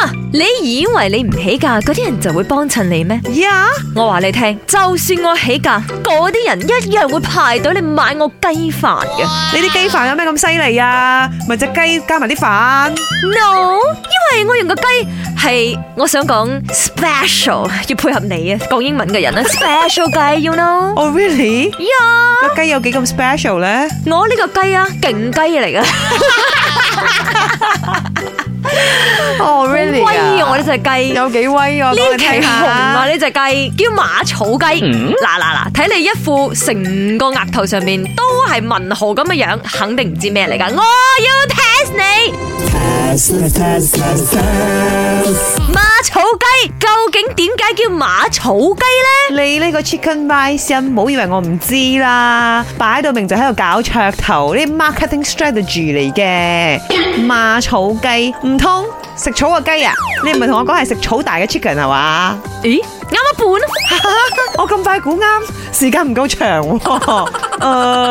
啊、你以為你唔起價，嗰啲人就會幫襯你咩？呀！Yeah? 我話你聽，就算我起價，嗰啲人一樣會排隊嚟買我雞飯嘅。Wow. 你啲雞飯有咩咁犀利啊？咪隻雞加埋啲飯？No，因為我用個雞係我想講 special，要配合你啊，講英文嘅人啊，special 雞，you know？哦，really？呀，個雞有幾咁 special 咧？我呢個雞啊，勁雞嚟噶。呢隻雞有幾威啊！呢期紅啊！呢隻雞叫馬草雞，嗱嗱嗱，睇你一副成個額頭上面都係問號咁嘅樣，肯定唔知咩嚟噶！我要 test 你，test test test，馬草雞究竟點解叫馬草雞咧？你呢個 chicken rice 唔好以為我唔知啦，擺到明就喺度搞噱頭，呢 marketing strategy 嚟嘅馬草雞，唔通食草嘅雞啊？你唔係？同我講係食草大嘅 chicken 係嘛？咦，啱、欸、一半啊！ 我咁快估啱，時間唔夠長喎、啊。誒、 呃。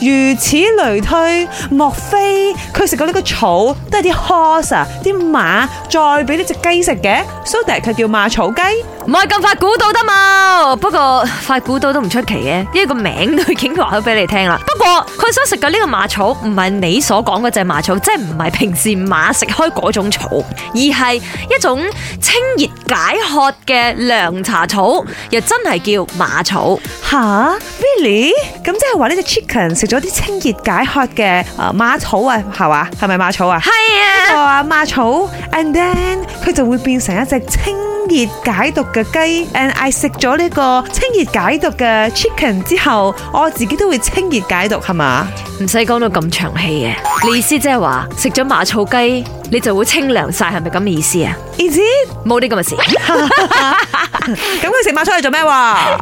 如此類推，莫非佢食過呢個草都係啲 horse 啊，啲馬再俾呢隻雞食嘅，So that 佢叫馬草雞，唔係咁快估到得嘛？不過快估到都唔出奇嘅，因為個名都已經講咗俾你聽啦。不過佢所食嘅呢個馬草唔係你所講嘅隻馬草，即係唔係平時馬食開嗰種草，而係一種清熱解渴嘅涼茶草，又真係叫馬草吓。Really？咁即係話呢隻 chicken？食咗啲清熱解渴嘅啊馬草啊係嘛？係咪馬草啊係啊呢個啊馬草 and then 佢就會變成一隻清熱解毒嘅雞 and I 食咗呢個清熱解毒嘅 chicken 之後我自己都會清熱解毒，係嘛？唔使講到咁長氣嘅，你意思即係話食咗馬草雞你就會清涼晒係咪咁嘅意思啊？Is it 冇啲咁嘅事。 咁佢食馬草嚟做咩？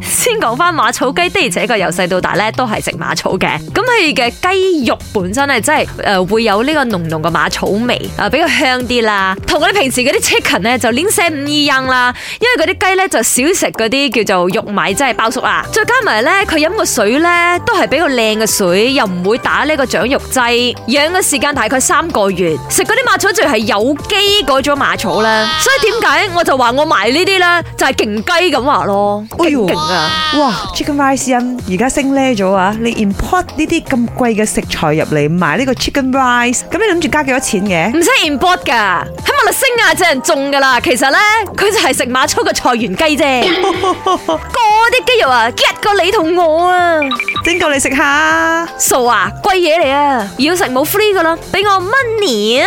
先講返馬草雞的而且確由細到大咧都係食馬草嘅。咁佢嘅雞肉本身咧，就是，真係誒會有呢個濃濃嘅馬草味，誒比較香啲啦。同我哋平時嗰啲 chicken 咧就黏些五衣陰啦，因為嗰啲雞咧就少食嗰啲叫做玉米，即係包粟啦。再加埋咧佢飲個水咧都係比較靚嘅水，又唔會打呢個長肉劑。養嘅時間大概三個月，食嗰啲馬草就係有機嗰種馬草啦。所以點解我就話我賣呢啲咧，就係、是、勁。雞咁話咯，勁唔勁啊？哇，chicken rice 因而家升叻咗啊！你 import 呢啲咁貴嘅食材入嚟賣呢個 chicken rice，咁你諗住加幾多錢嘅？唔使 import 噶，喺馬來西亞就種噶啦。其實咧，佢就係食馬粗嘅菜園雞啫，嗰啲雞肉啊，夾過你同我啊！整過嚟食下？傻啊，貴嘢嚟啊！要食冇 free 噶啦，俾我 money。